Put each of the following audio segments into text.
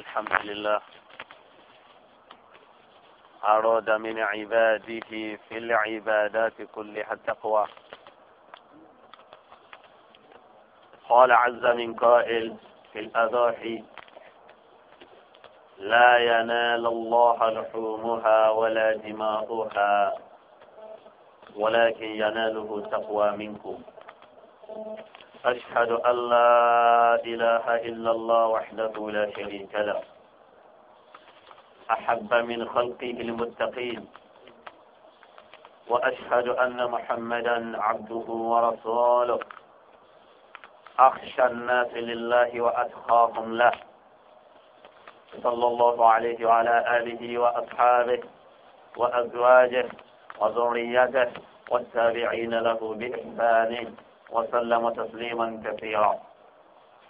الحمد لله أراد من عباده في العبادات كلها التقوى قال عز من قائل في الأضاحي لا ينال الله لحومها ولا دماؤها ولكن يناله التقوى منكم أشهد أن لا إله إلا الله وحده لا شريك له أحب من خلقه المتقين وأشهد أن محمدا عبده ورسوله أخشى الناس لله وأتقاهم له صلى الله عليه وعلى آله وأصحابه وأزواجه وذريته والتابعين له بإحسان وسلم تسليما كثيرا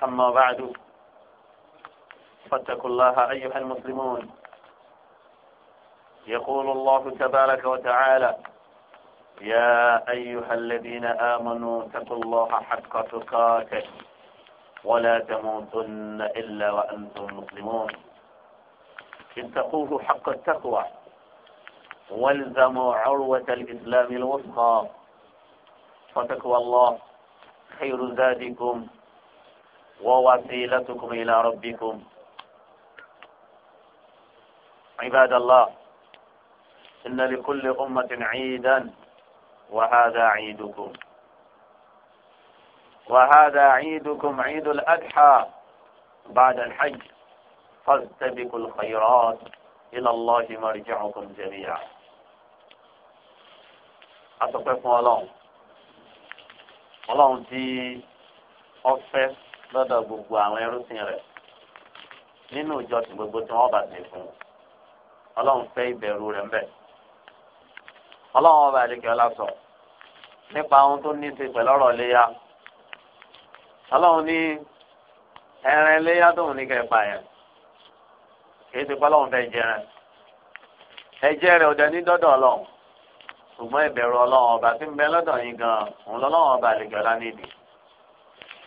أما بعد فاتقوا الله أيها المسلمون يقول الله تبارك وتعالى يا أيها الذين آمنوا اتقوا الله حق تقاته ولا تموتن إلا وأنتم مسلمون اتقوه حق التقوى والزموا عروة الإسلام الوسطى فتقوى الله خير زادكم ووسيلتكم إلى ربكم عباد الله إن لكل أمة عيدا وهذا عيدكم وهذا عيدكم عيد الأضحى بعد الحج فاستبقوا الخيرات إلى الله مرجعكم جميعا أتقف الله ọlọ́run di ọfẹ́ lọ́dọ̀ gbogbo àwọn ẹrúsìn rẹ̀ nínú ìjọsìn gbogbo tí wọ́n bá ti fún un ọlọ́run fẹ́ ìbẹ̀rù rẹ̀ ńbẹ̀ ọlọ́run ọba àdìgẹ́ ọlásọ nípa ohun tó ní í pẹ̀lú ọ̀rọ̀ léyà ọlọ́run ní ẹran léyà ní yẹn kì í ti pẹ́ ọlọ́run fẹ́ rẹ̀ ọ̀dẹ̀ ní dọ́dọ̀ ṣùgbọ́n ìbẹ̀rù ọlọ́run ọba tí ń bẹ lọ́dọ̀ yín gan òun lọ́lọ́run ọba lè gbẹ̀lá nídìí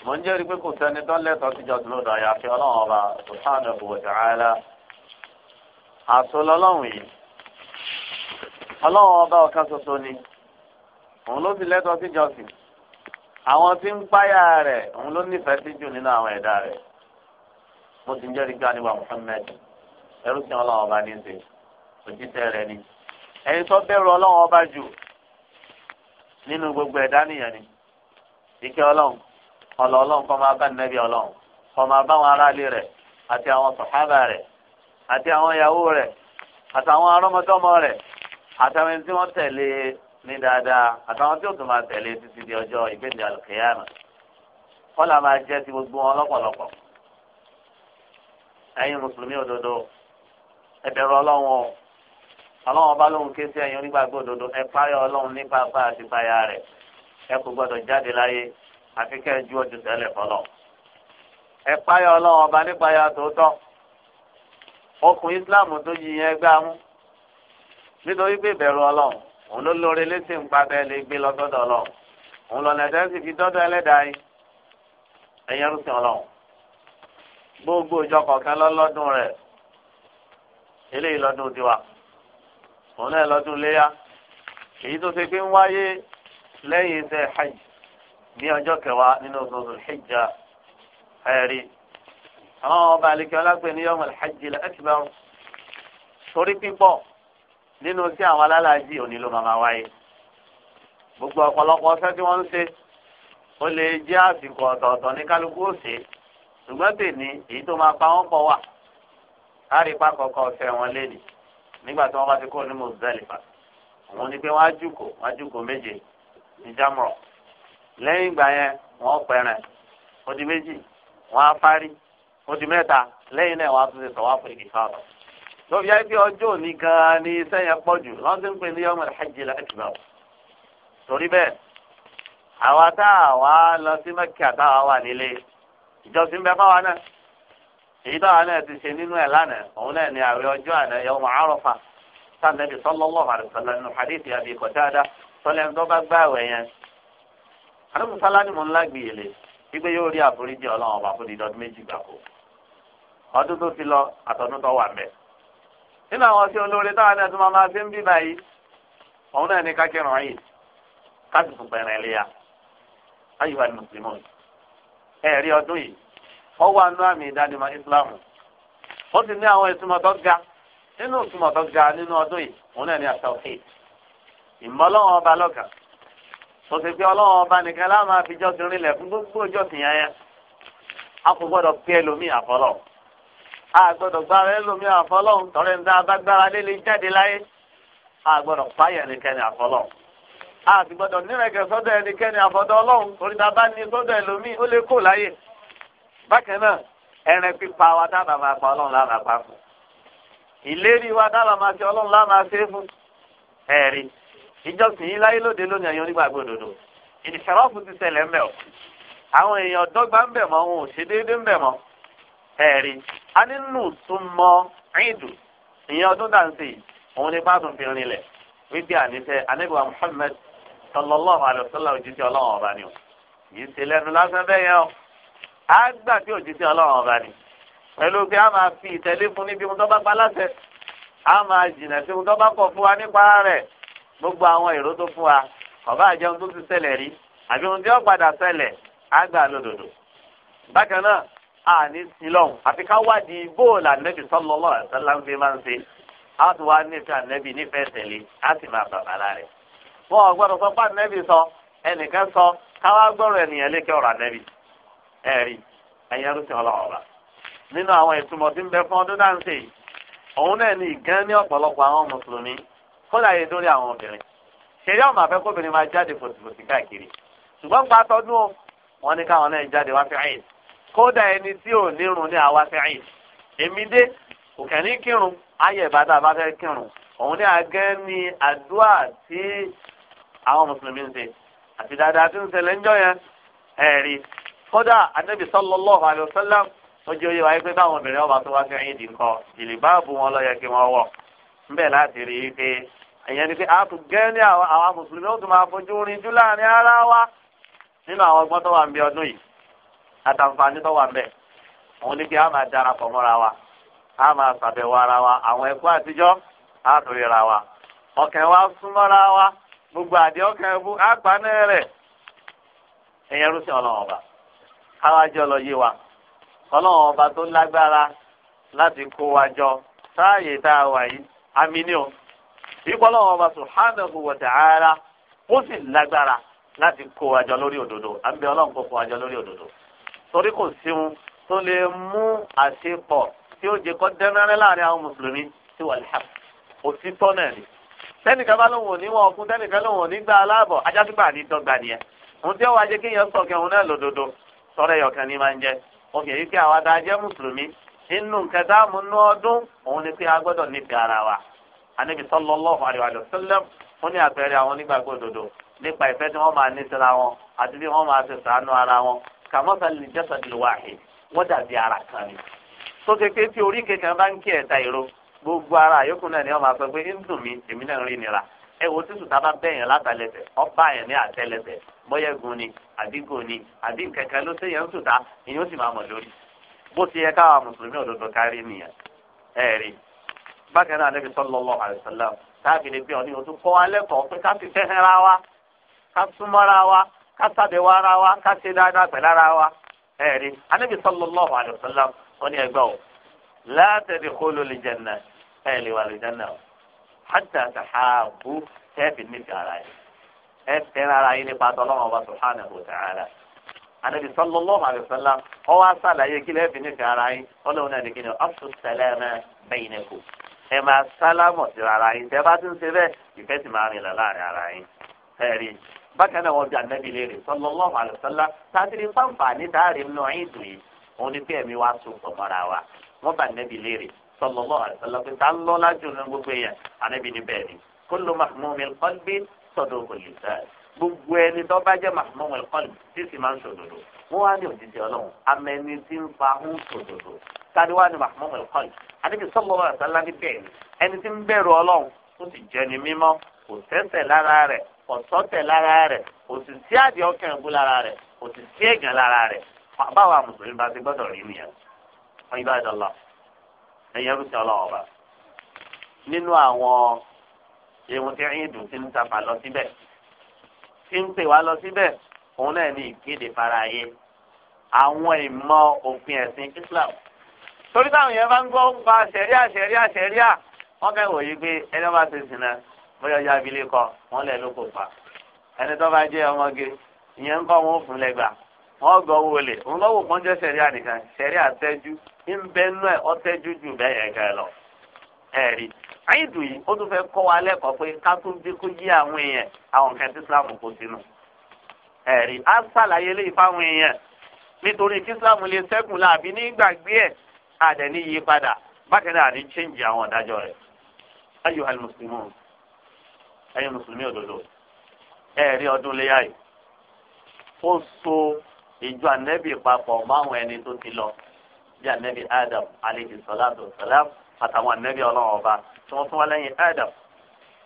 mo ń jẹ́rìí pé kò sẹ́ni tó lẹ́tọ̀ọ́ sí jọ́sìn lọ́dọ̀ àyàfi ọlọ́run ọba subhanahu wa ta'ala àṣọ lọ́lọ́run yìí ọlọ́run ọba ọ̀kan ṣoṣo ni òun ló sì lẹ́tọ̀ọ́ sí jọ́sìn àwọn tí ń páyà rẹ̀ òun ló nífẹ̀ẹ́ sí jù nínú àwọn ẹ̀dá rẹ̀ mo ti ń jẹ́rìí pé àníwá Muhammad ẹrú sí ọlọ́run ọba ní ẹni tó bẹ̀rù ọlọ́run ọba jù nínú gbogbo ẹ̀dá nìyẹn ni ìkẹ́ ọlọ́run ọ̀lọ́ ọlọ́run kó máa bá nẹ́bí ọlọ́run kó máa bá àwọn aráàlú rẹ̀ àti àwọn sàhábà rẹ̀ àti àwọn ìyàwó rẹ̀ àtàwọn arọ́mọdọ́mọ rẹ̀ àtàwọn tí wọ́n tẹ̀lé ní dáadáa àtàwọn tí ó tún máa tẹ̀lé títí di ọjọ́ ìgbéǹde àlùkìyàmà kọ́lá máa jẹ́ ti gbogbo wọn lọ́pọ̀lọpọ̀ ẹ̀yin mùsùlùmí òdodo ẹ bẹ̀rù o àwọn ọba lóhun ké sí ẹ̀yin onígbàgbọ́ òdodo ẹ páyọ ọlọ́run nípa apá àti páyà rẹ̀ ẹ kò gbọdọ̀ jáde láyé àfi kẹ́ ẹ ju ọdún tẹ́lẹ̀ fọlọ́ ẹ páyọ ọlọ́run ọba nípa ya tòótọ́ okùn islam tó yí yẹn gbá mú nítorí pé ìbẹ̀rù ọlọ́run òun ló lóore létí ń pàtẹ́ lè gbé lọ́dọ̀dọ̀ ọlọ́run òun lọ́nà ẹ̀dá sì fi dọ́dọ̀ ẹlẹ́dàá yìí ẹ̀yẹ òun náà lọ́dún léyà èyí tó ṣe pé ń wáyé lẹ́yìn iṣẹ́ hajj ní ọjọ́ kẹwàá nínú oṣooṣù hijja ẹ̀rí àwọn ọba àlekẹ́ ọlápẹ̀ ní yọmọ hajj akbar torí pípọ̀ nínú sí àwọn alálàájì òní ló máa wáyé gbogbo ọ̀pọ̀lọpọ̀ ọṣẹ́ tí wọ́n ń ṣe ó lè jẹ́ àsìkò ọ̀tọ̀ọ̀tọ̀ ní kálukú òṣè ṣùgbọ́n tèmi èyí tó máa pa wọ́n pọ̀ wà láàrin pákọ̀ọ̀kọ̀ ọ̀sẹ̀ wọn lénìí nígbà tí wọ́n bá ti kúrò ní Muzdalifa òun ni pé wọ́n á jùkò wọ́n á jùkò méje ní Jamra lẹ́yìn ìgbà yẹn wọ́n pẹ̀rẹ̀ ó di méjì wọ́n á parí ó di mẹ́ta lẹ́yìn náà wọ́n á tún ṣe sọ̀wá fún ìkìkà ọ̀rọ̀ tó fi yẹ pé ọjọ́ òní gan-an ni iṣẹ́ yẹn pọ̀ jù wọ́n ti ń pè ní yawmul hajjil akbar torí bẹ́ẹ̀ àwa tá a wá lọ sí Mẹ́kà tá a wà nílé ìjọsìn bẹ́ẹ̀ fáwa náà èyí táwa náà ti ṣe nínú ẹ̀ lánàá òun náà ni àwẹ̀ ọjọ́ àná yawm Arafa sànẹ́bí sallallahu alaihi wasallam nínú hadith Abi Qatada sọlẹ̀ ńdọ́ bá gbá àwẹ̀ yẹn. àdúgbò sálá ni mo ń lágbèyèlè wípé yóò rí àforíjì ọlọ́run ọba fún ìdọ́dún méjì gbàgbó ọdún tó ti lọ àtọ̀dún tó wà mẹ́. nínú àwọn tí olóore táwa náà tó máa máa fi ń bí ọ wà nínú àmì ìdánimọ̀ islam ó sì ní àwọn ìtumọ̀ tó ga nínú ìtumọ̀ tó ga nínú ọdún yìí òun náà ní àtàwọ̀hìn ìmọ̀lọ́wọ́n ọba lọ́kàn tó ti pé ọlọ́wọ́n ọba nìkan láwọn máa fi rinlẹ̀ fún gbogbo jọ́sìn yẹn yẹn a kò gbọ́dọ̀ pé ẹlòmíì àfọlọ́ a gbọ́dọ̀ gbára ẹlòmíì àfọlọ́ tọrẹ ní abágbára líle jáde láyé a gbọ́dọ̀ páyà ẹnikẹ́ni àfọlọ́ a sì gbọ́dọ̀ nírẹ̀kẹ́ sọ́dọ̀ ẹnikẹ́ni àfọ̀dọ̀ ọlọ́run torí ta bá ní sọ́dọ̀ ẹlòmíì ó lè kó láyè bákan náà ẹran pípa wa dábàá máa pa ọlọ́run lára pa fún ìlérí wa dábàá máa ṣe ọlọ́run lára máa ṣe é fún ẹ̀rí ìjọsìn yìí láyé lóde lónìí ẹ̀yàn onígbàgbọ́ òdodo ìṣẹ̀rọ̀fù ti ṣẹlẹ̀ ń bẹ̀ ọ́ àwọn èèyàn dọ́gba ń bẹ̀ mọ́ wọn ò ṣe déédéé ń bẹ̀ mọ́ ẹ̀rí a nínú tún mọ ìdù ìyẹn ọdún dànsì òun ni bá tún fi rinlẹ̀ wípé àníṣe anábìwá Muhammad sallallahu alayhi òjijì ọlọ́run ọba a gbà pé òjíṣẹ́ ọlọ́run ọba ni pẹ̀lú pé a máa fi ìtẹ̀lé fún níbi ohun tó bá a máa jìnà sí ohun tó bá kọ̀ fún wa gbogbo àwọn èrò tó fún wa ọba àjẹ ohun tó ti ṣẹlẹ̀ rí àbí ohun tí ó padà a ní àfi ká wádìí bóòlù ànẹ́bí máa ń ṣe a ti wá ànẹ́bí nífẹ̀ẹ́ tẹ̀lé a sì máa sọ pé sọ ẹnìkan sọ káwá gbọ́rọ̀ ènìyàn ẹ̀rí ẹ̀yin arúgbó ọlọ́wọ́ bá nínú àwọn ìtumọ̀ tí ń bẹ fún ọdún náà ń sè òun náà ní ìgán ní ọ̀pọ̀lọpọ̀ àwọn mùsùlùmí kódà yìí dórí àwọn obìnrin ṣeré ọmọ àfẹ́ kóbìnrin máa jáde fòtìfòtì káàkiri ṣùgbọ́n gba tọdún o wọn ní káwọn náà jáde wá fẹ́ẹ́ kódà ẹni tí ò nírun ní àwa fẹ́ẹ́ èmi dé òkè ní kírun ayé ìbàdàn bá fẹ́ kírun òun ní agẹ́ ní àdúrà tí àwọn mùsùlùmí ń ṣe àti dáadáa tí ń ṣẹlẹ̀ ń jọ yẹn ẹ̀rí kódà anabi sallallahu alayhi wa sallam ojú oyè wáyé pé báwọn obìnrin ọba tó wá sí ẹ̀yìn dìkọ jìlìbáàbù wọn ló kí wọn wọ nbẹ láti rí i pé ìyẹn ni pé a tún gẹ ní àwọn mùsùlùmí ó tún máa fojú wa nínú àwọn ọgbọ́n tó wà ń bẹ ọdún yìí àtàǹfààní tó ni pé a máa darapọ̀ mọ́ra wa a máa ṣàbẹ̀wò ara wa àwọn ẹ̀kọ́ àtijọ́ a tún ríra wa ọkàn wa gbogbo àdé ọkàn ẹ̀bú àgbáná rẹ̀ ọba. káwájọ lọ yé wa ọlọ́run ọba tó lágbára láti kó wa jọ sáàyè tá a wà yìí àmì ni o ìkọ́ ọlọ́run ọba subhanahu wa ta'ala ó sì lágbára láti kó wa jọ lórí òdodo àbí ọlọ́run kó kó wa jọ lórí òdodo torí kò sí wọn tó lè mú àṣepọ̀ tí ó jẹ kọ́ dẹ́nrẹ́rẹ́ láàrin àwọn mùsùlùmí tí wà lẹ́hà òtítọ́ náà ni tẹnìkan bá lóun ò ní wọn ọkùn tẹnìkan lóun ò ní gba aláàbọ̀ ajásùgbà ní dọ́gba nìyẹn òun tí ó wáá jẹ́ kéèyàn sọ̀kẹ́ òun náà lòdodo sọ́rọ̀ ẹ̀yọ̀kan ní máa ń jẹ́ òkè yìí pé àwa tá a jẹ́ mùsùlùmí inú nǹkan tá a mú nú ọdún òun ni pé a gbọ́dọ̀ nífẹ̀ẹ́ ara wa anabi sallallahu alaihi wa sallam ó ní àpẹẹrẹ àwọn onígbàgbọ́ òdodo nípa ìfẹ́ tí wọ́n máa ní síra wọn àti bí wọ́n máa ṣe sàánú ara wọn kàmọ́sálì jasadil wahid wọ́n dàbí ara kan ni tó ṣe pé tí orí kankan bá ń kí ẹ̀ta ìró gbogbo ara àyókù náà ni wọ́n máa sọ pé ń dùn mí èmi náà ń rí nira ẹ wo sísun tá a bá bẹ̀yàn látàlẹsẹ̀ ọba yẹn ní àtẹlẹsẹ̀ bọ́yẹ̀gùn ni àdígò ni àbí kẹ̀kẹ́ ló ṣe yẹn ń sùn tá ìyẹn ó sì máa mọ̀ lórí bó ti yẹ káwa mùsùlùmí òdodo kárí nìyẹn ẹ rí bákan náà Ànábì sallallahu alaihi wasallam táàbì ni pé ọ̀nìyàn tún kọ́ alẹ́ kọ̀ pé ká ti fẹ́hẹ́ ra wa ká súnmọ́ra wa ká ṣàbẹ̀wò ara wa ká ṣe dáadáa pẹ̀lú ara wa ẹ rí Ànábì sallallahu alaihi wasallam ọ̀nìyàn gbọ́ la tadkhulul jannah ẹ̀ lè wà lè jẹ́nà o hàtà sàhàbù tẹ́ẹ̀fì nífẹ̀ẹ́ ara yẹn ẹ fẹ́ràn ara yín nípa tọ́lọ́mọ ọba subhanahu wa ta'ala anabi sallallahu alayhi wa sallam ọ wá sàlàyé kí lẹ́ẹ̀fì nífẹ̀ẹ́ ara yín ọlọ́run náà nìkan ní afṣu sẹlẹ̀mẹ bainakum ẹ máa sálámọ̀ sí ara yín tẹ́ bá ti ń ṣe bẹ́ẹ̀ ìfẹ́ sì máa rìn lọ láàrin ara yín ẹ̀rí bákan náà wọ́n bí anabi léèrè sallallahu alayhi wa sallam tàbí ní dáàrin nù ẹ̀yìn sọlọ́lọ́ àtàlọ́pẹ́ tá ń lọ́ lájú ní gbogbo èèyàn ànábì ní bẹ́ẹ̀ ni kólú mahmumi kọ́lbí sọ̀dọ̀ òkòlìsẹ́ gbogbo ẹni tó bá jẹ́ mahmumi kọ́lbí tí sì máa ń sòdodo wọ́n wá ní òjijì ọlọ́run amẹni tí ń fa ń sòdodo tàbí wá ní mahmumi kọ́lbí ànábì sọlọ́lọ́ àtàlọ́pẹ́ bẹ́ẹ̀ ni ẹni tí ń bẹ̀rù ọlọ́run ó sì jẹ́ ni mímọ́ kò tẹ́sẹ̀ lára rẹ̀ kò sọ́tẹ̀ lára rẹ̀ kò sì sí àdìẹ ọkàn ìbú lára rẹ̀ kò sì sí ẹ̀gàn lára rẹ̀ báwa mùsùlùmí bá ti gbọ́dọ̀ rí nìyẹn ẹ̀yẹ́ rúṣẹ́ ọlọ́wọ́ bá nínú àwọn ewu tí ẹ̀yìn dùn ti ń tapà lọ síbẹ̀ tí ń pè wá lọ síbẹ̀ òun náà ní ìkéde fara ayé àwọn ìmọ̀ òfin ẹ̀sìn Islam torí táwọn yẹn bá ń gbọ́ pa ṣẹ̀ríà ṣẹ̀ríà ṣẹ̀ríà wọ́n fẹ́ wò pé ẹni bá ti sìn náà bóyá ọjà abilékọ wọ́n lẹ̀ kò pa ẹni tó bá jẹ́ ọmọge ìyẹn ń kọ́ wọn fún lẹ́gbàá. wọn gbọ wọlé wọn bá wò kán jẹ ń bẹ ẹ ọtẹjú kẹ lọ ẹrí àyìndù yìí ó tún fẹ́ kọ́ wa lẹ́kọ̀ọ́ pé ká tún bí kó yí àwọn èèyàn àwọn nǹkan tí islam kò sínú ẹrí á sàlàyé èèyàn nítorí kí lè láàbí ẹ yí padà àní àwọn ọ̀dájọ́ rẹ mùsùlùmí òdodo ẹrí ọdún léyà ìjọ ànẹ́bì papọ̀ máwọn ẹni tó ti lọ bí ànẹ́bì adam aleyhi salatu salam àtàwọn ànẹ́bì ọlọ́wọ́n ọba tí wọ́n tún wá lẹ́yìn adam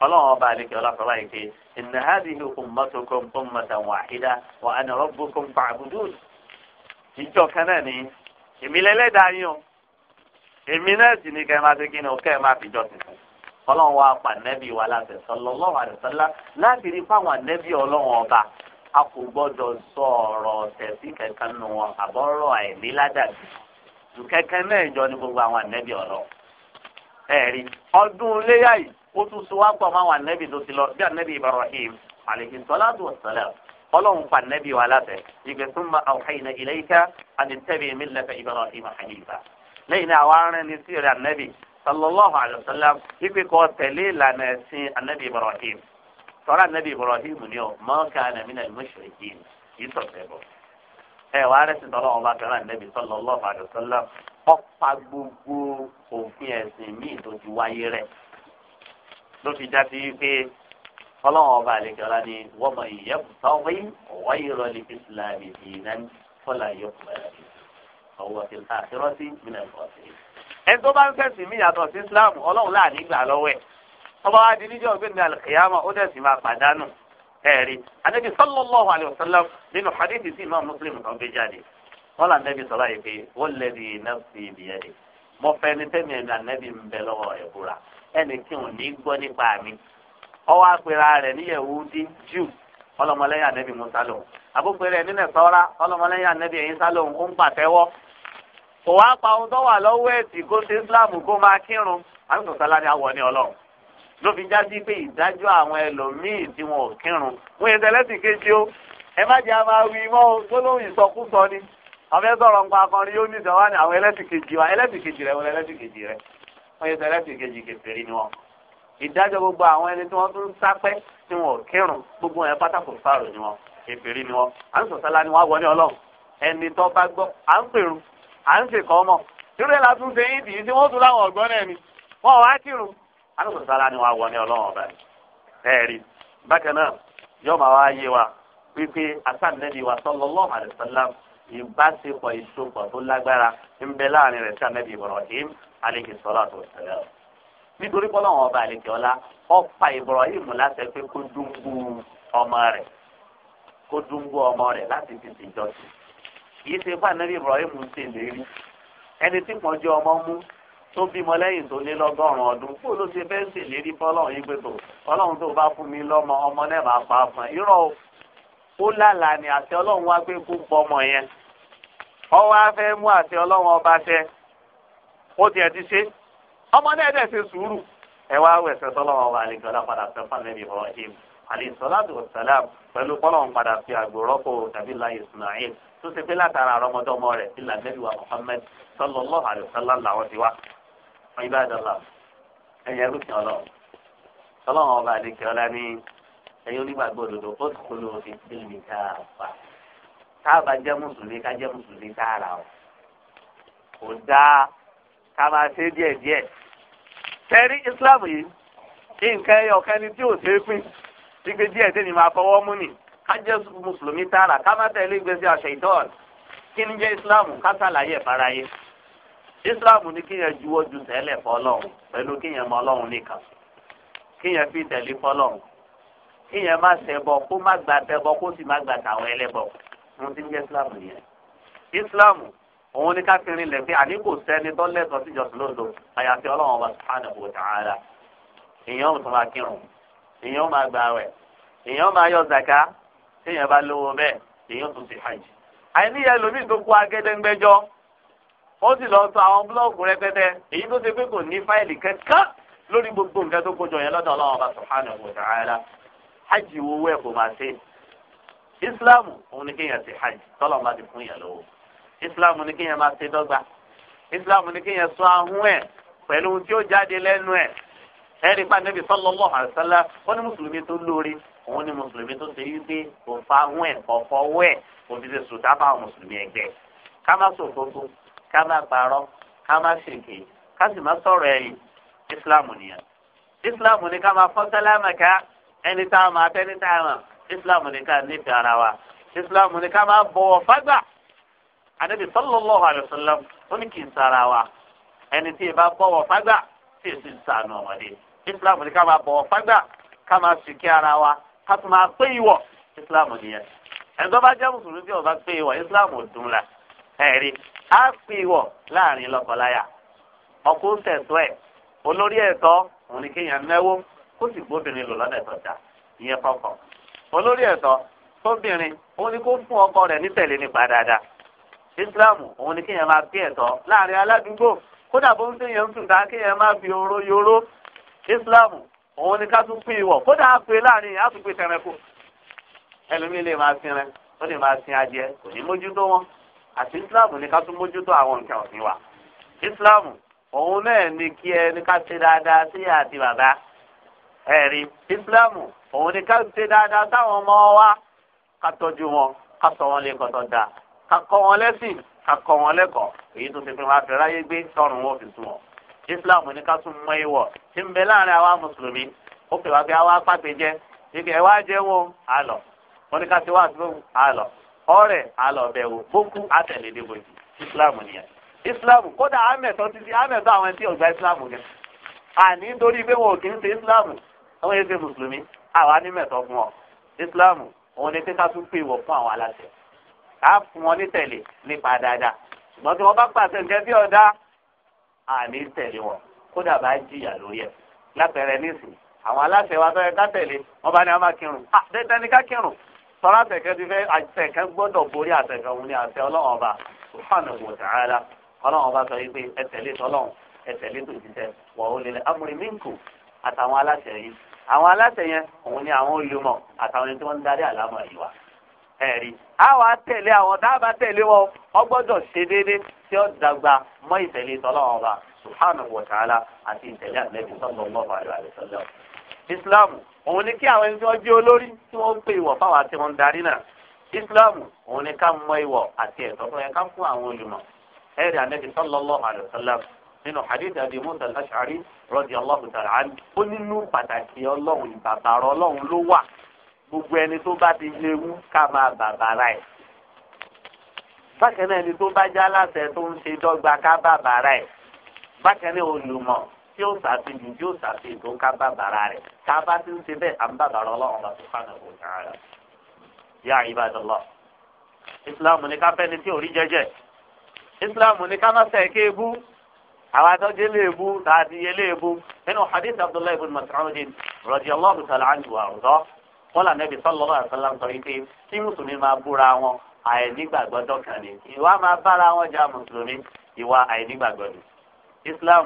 ọlọ́wọ́n ọba àlekè ọlọ́fọlá yìí pé inna hadhihi ummatukum ummatan wahida wa ana rabbukum fa'budun ìjọ kan náà ni èmi lẹ́lẹ́dàá yín o èmi náà sì ní kẹ́ máa ṣe kí ni o kẹ́ máa fi jọ sí fún ọlọ́run wa wa láti sallallahu alaihi wasallam láti rí fáwọn ànẹ́bì ọlọ́run ọba a kò gbọ́dọ̀ sọ ọ̀rọ̀ ọ̀sẹ̀ sí kankan nù wọn àbọ̀rọ̀ àìní ládàbí ju kankan náà jọ ní gbogbo àwọn ànẹ́bí ọ̀rọ̀ ẹ̀rí ọdún iléyà yìí ó tún so wá pọ̀ mọ́ àwọn ànẹ́bí tó ti lọ bí ànẹ́bí Ibrahim alayhi salatu wassalam ọlọ́run pa nẹ́bí wa láfẹ̀ ìgbẹ́ tó ma awhayna ilayka àdìntẹ́bí mi lẹ́fẹ̀ Ibrahim hanifa lẹ́yìn náà àwọn arìnrìn ní sí rẹ̀ ànẹ́bí sallallahu alayhi wa sallam ìgbẹ́ ìlànà ẹ̀sìn ànẹ́bí Ibrahim tọ́lá nẹ́bí ibrahim ni ọ mọ́ọ́ká nàmínà mọ́ṣẹ̀kì yìí sọ̀tẹ̀ bọ̀. ẹ wàá rẹ́sìn tọ́lá ọba kẹrán nẹ́bí sallallahu alaihi wasallam ọ̀pá gbogbo òfin ẹ̀sìn míì tó ti wáyé rẹ̀ ló fi já sí pé ọlọ́run ọba àlekẹ́lá ni wọ́n mọ ìyẹ́kù sáwé wáyé rọlẹ̀ ìsìlámì ìdìnnà fọlá yọkù ọwọ́ ti ká àṣírọ́sí mí ọba wa di níjọ́ ògbé ní alìkèyàmọ̀ ó dẹ̀sí máa pàdánù anabi sallallahu alayhi wa sallam nínú hadithi sí imam muslim kan gbé jáde wọn là nẹbi sọlá yìí pé wọn lẹbi nafsi mọ fẹ ni tẹ́mi ẹ̀mí anabi ń bẹ lọ́wọ́ ẹ̀ búra ní nípa mi ní musa lòun nínú anabi sá lòun ń ohun tó ló fi já sí pé ìdájọ́ àwọn ẹlòmíì tí wọn ò kírun wọn ètò ẹlẹ́sìn kejì o ẹ má jẹ́ a máa wí mọ́ gbólóhùn ìsọkúsọ ni ọ̀fẹ́ sọ̀rọ̀ nǹkan akọrin yóò ní ìsọ̀wá ni àwọn ẹlẹ́sìn kejì wa ẹlẹ́sìn kejì rẹ wọn ẹlẹ́sìn kejì rẹ wọn ètò ẹlẹ́sìn kejì kẹfẹ́rí ni wọn ìdájọ́ gbogbo àwọn ẹni tí wọ́n tún sápẹ́ tí wọn ò kírun gbogbo ẹ̀ pátákó fáàrò ni wọn kẹfẹ́rí ni wọn à ń sọ̀sálá ni wọ́n wọ ní ọlọ́run ẹni tó bá gbọ́ à ń alákòóso ni wàá wọ ní ọlọ́wọ́n ọba ẹ̀rí bákan náà yóò máa wá yé wa wípé asánẹ́bí wa sallallahu alaihi wasallam ìbáṣepọ̀ ìṣòpọ̀ tó lágbára ń bẹ láàrin rẹ̀ sí anẹ́bí Ibrahim alayhi salatu wassalam nítorí pọ́lọ́wọ́n ọba àlejò ọlá ọ̀pá Ibrahim láti pé kó dúnbú ọmọ rẹ̀ kó dúnbú ọmọ rẹ̀ láti fi ṣèjọ́sìn kì í ṣe fún anẹ́bí Ibrahim ń ṣèlérí ẹni tí pọ́njú ọmọ mú tó bímọ lẹ́yìn tó lé lọ́gọ́rùn-ún ọdún fún ló ṣe fẹ́ ṣèlérí fọlọ́run yìí pé tó ọlọ́run tó bá fún mi lọ́mọ ọmọ náà máa pa fún ẹ irọ́ ó lálàá ni àti ọlọ́run wá pé kó bọmọ yẹn ọwọ́ á fẹ́ mú àti ọlọ́run ọba tẹ ó tiẹ̀ ti ṣe ọmọ náà dẹ̀ ṣe sùúrù ẹ wá wẹ̀sẹ̀ tọ́lọ́run ọba àlejò alápadà fẹ́ fàmẹ́lì Ibrahim tó ṣe pé látara àrọ́mọdọ́mọ rẹ̀ sí làmẹ́lì wa Muhammad sallallahu alaihi wasallam làwọn ti wá. Ibadallah ẹ̀yẹ rúkì ọlọ́run ọlọ́run ọba àdékè ọlá ní ẹ̀yẹ onígbàgbọ́ òdodo ó ti kúlò ìdílé káàpá káàbà jẹ́ mùsùlùmí ká jẹ́ mùsùlùmí tààrà ọ kò dáa ká máa ṣe díẹ̀ díẹ̀ tẹ́rí Islam yìí kí nǹkan ẹyọ kan ni tí ò ṣe é pín gbígbé díẹ̀ ma máa fọwọ́ mú je ká jẹ́ mùsùlùmí tààrà ká má tẹ̀lé ìgbésí àṣẹ ìtọ́ọ̀lù kí ni jẹ́ Islam ká ṣàlàyé ìfarayé. islam ní kíyàn juwọ́ ju tẹ́lẹ̀ fọlọ́run pẹ̀lú kíyàn mọ ọlọ́run nìkan kíyàn fi tẹ̀lé fọlọ́run kíyàn má ṣẹbọ kó má gba tẹbọ kó sì má gba tàwọn ẹlẹ́bọ ohun tí ń jẹ́ islam nìyẹn islam òun ní káfíń rinlẹ̀ pé àní kò sẹ́ni tó lẹ́tọ̀ọ́ sí ìjọsìn lóńdó àyàfi ọlọ́run ọba subhanahu wa ta'ala èèyàn tó máa kírun èèyàn máa gbààwẹ̀ èèyàn máa yọ zaka téèyàn bá lówó bẹ́ẹ̀ èèyàn tó sì hajj àìníyà ẹlòmíì tó kó agẹ́dẹ́gbẹ́jọ́ wọ́n sì lọ sọ àwọn búlọ́ọ̀gù rẹpẹtẹ èyí tó ṣe pé kò ní fáìlì kankan lórí gbogbo nǹkan tó kójọ yẹn lọ́dọ̀ ọlọ́run ọba subhanahu wa ta'ala hajj wo owó ẹ̀ kò máa ṣe ìsìláàmù òun ni kéèyàn ṣe hajj tọ́lọ̀ máa ti fún yàn lówó ìsìláàmù ni kéèyàn máa ṣe dọ́gba ìsìláàmù ni kéèyàn sọ ahọ́n ẹ̀ pẹ̀lú ohun tí ó jáde lẹ́nu ẹ̀ ẹ̀rí pa níbi sallallahu alaihi wasallam ó ní mùsùlùmí tó lórí òun ní mùsùlùmí tó ṣe yí pé kò fa ahọ́n ẹ̀ kò fọwọ́ ẹ̀ kò fi ṣe ká má parọ́ ká má ṣèké ká sì má sọ̀rọ̀ ẹ̀yìn islam nìyẹn islam ní ká máa fọ́n sálámà ká ẹni tá a máa tẹ́ni tá a mọ̀ islam ní ká nífẹ̀ẹ́ ara wa islam ní ká máa bọ̀wọ̀ fágbà anabi sallallahu alayhi wa sallam ó ní kì í sara wa ẹni tí ì bá bọ̀wọ̀ fágbà tí èsì ń sànù ọmọdé islam ní ká máa bọ̀wọ̀ fágbà ká máa sìkí ara wa ká tún máa pé ìwọ̀ islam nìyẹn ẹ̀ńtọ́ mùsùlùmí tí pé ìwọ̀ á fi ìwọ̀ láàrin lọ́kọláya ọkọ ń tẹ̀sọ́ ẹ̀ olórí ẹ̀tọ́ òun ni kéèyàn náwó kó sì gbóbìnrin lò lọ́dẹ̀ tó dá ìyẹn kọ̀ọ̀kan olórí ẹ̀tọ́ tóbìnrin òun ni kó fún ọkọ rẹ̀ nítẹ̀lé nípa dáadáa Islam òun ni kéèyàn máa bí ẹ̀tọ́ láàrin aládùúgbò kódà bó ń téèyàn ń sùn ká kéèyàn máa fi oró yoró Islam òun ni ká tún pín ìwọ̀ kódà á pè láàrin yẹn á tún pè tẹ̀rẹ̀kù ẹlòmíì lè máa sin rẹ ó lè máa sin adìẹ kò ní mójútó wọn àti islam ní ká tún mójútó àwọn nǹkan ọ̀sìn wa islam òun náà ní kí ẹni ká ṣe dáadáa sí àti bàbá ẹ̀rí islam òun ní ká ṣe dáadáa sáwọn ọmọ wa ká tọ́jú wọn ká sọ wọn lẹ́kọ̀ọ́ tó dáa ká kọ́ wọn lẹ́sìn ká kọ́ wọn lẹ́kọ̀ọ́ èyí tó ti fi wọn afẹ́rẹ́ ayé gbé sọ̀rùn wọn fi sùn wọn islam ní ká tún mọ ìwọ̀ tí ń bẹ láàrin àwa mùsùlùmí ó pè wá pé àwa pàtẹ́jẹ́ ìgbẹ́ wá jẹ́ wọn àlọ́ wọn ní ká ti wá àtúntò àlọ́ ọ̀rẹ́ alọbẹwò fókù àtẹlẹdẹwò islam nìyẹn islam kódà amẹtọ títí amẹtọ àwọn tí ọgbà islam kẹ àní nítorí pé wọn ò kì í ṣe islam àwọn yẹn ṣe mùsùlùmí àwọn anímẹtọ fún ọ islam òun ni kíkà tún pè wọ fún àwọn aláṣẹ á fún wọn ní tẹ̀lé nípa dáadáa ṣùgbọ́n tí wọ́n bá pàṣẹ nǹkan bí ọ̀dá àní tẹ̀lé wọn kódà bá jìyà lórí ẹ̀ lápẹẹrẹ nísìnyí àwọn aláṣẹ wa tọ́ ẹ ká tẹ̀lé wọn bá ní wọn máa ni ká kírun tọ́lá tẹ̀kẹ́ ti fẹ́ àtẹ̀kẹ́ gbọ́dọ̀ borí àtẹ̀kẹ́ òun ni àtẹ ọlọ́run ọba subhanahu wa ta'ala ọlọ́run ọba sọ yìí pé ẹ tẹ̀lé tọ́lọ́run ẹ tẹ̀lé tó ti tẹ wà ó lè amúrí mínkù àtàwọn aláṣẹ yìí àwọn aláṣẹ yẹn òun ni àwọn olùmọ̀ àtàwọn ẹni tí wọ́n ń darí àlámọ̀ yìí wá ẹ̀rí àwa tẹ̀lé àwọn dábàá tẹ̀lé wọn ọgbọ́dọ̀ ṣe déédéé tí ó dàgbà mọ́ ìtẹ̀lé tọ́lọ́run ọba subhanahu wa ta'ala àti ìtẹ̀lé àtẹ̀lé tọ́lọ́run ọba àlọ́ islam òun ni kí àwọn ẹni tí wọ́n jẹ́ olórí tí wọ́n ń pè ìwọ̀ fáwọn àti wọn darí náà islam òun ni ká mọ ìwọ̀ àti ẹ̀tọ́ fún ẹ ká fún àwọn olùmọ̀ ẹ̀rì ànẹ́bí sallallahu alaihi wasallam nínú hadith àbí musa al-ashari radiyallahu ta'ala anhu ó nínú pàtàkì ọlọ́run ìbàbàrọ̀ ọlọ́run ló wà gbogbo ẹni tó bá ti léwu ká máa bàbàrà ẹ̀ bákan náà ẹni tó bá já láṣẹ tó ń ṣe dọ́gba ká bàbàrà ẹ̀ bákan náà olùmọ̀ tí ó sàfihàn tí ó sàfihàn tó ń ká bàbàrà rẹ̀ tá a bá ti ń ṣe bẹ́ẹ̀ à ń bàbàrà ọlọ́run lọ sí fáwọn ọ̀gbọ̀n náà yá ibadallah islam ní ká fẹ́ni tí ò rí jẹ́jẹ́ islam ní ká má sẹ́ ké ebú àwọn adọ́jé lè ebú tàbí yé lè ebú nínú hadith abdullahi ibn mas'ud radiyallahu ta'ala anhu àrùtọ́ wọn là nẹ́bi sallallahu alaihi wasallam sọ wípé tí mùsùlùmí máa búra wọn àìnígbàgbọ́dọ̀ kan ní ìwà máa bára wọn já mùsùlùmí ìwà àìnígbàgbọ́dọ̀ islam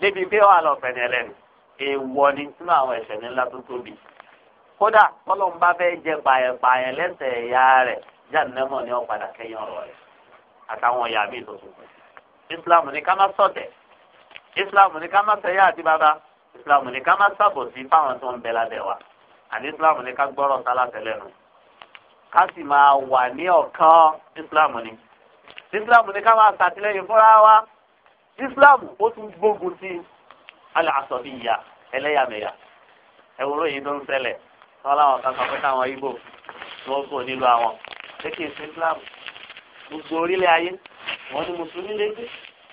débi pé wà lọ fẹ̀nẹ̀ lẹ́nu èèwọ̀ ni sínú àwọn ẹ̀ṣẹ̀ ńlá tó tóbi kódà tọ́lọ́n bá fẹ́ jẹ pààyàn pààyàn lẹ́sẹ̀ ẹ̀yà rẹ̀ jáǹdẹ́mọ̀ ni wọ́n padà kẹ́yìn ọ̀rọ̀ rẹ̀ àtàwọn ìyá mi tó tuntun Islam ní ká má ṣọ̀tẹ̀ Islam ní ká má ṣẹ̀yà àti bàbá Islam ní ká má ṣàbòsí fáwọn tó ń bẹ lábẹ́ wa àní Islam ní ká gbọ́rọ̀ sálátẹ̀lẹ́nu ká sì máa wà ní ọ̀kan Islam ní Islam ní ká máa ṣàtìlẹ́yìn fúnra wa islam ó tún gbógun ti aláàsọ̀bíyà ẹlẹ́yàmẹ̀yà ẹ̀wòrò yìí tó ń ṣẹlẹ̀ wọn làwọn kan sọ pé káwọn ibo tó ń kó nílò àwọn kéèké sí islam gbogbo orílẹ̀ ayé wọn ni mùsùlùmí lè gbé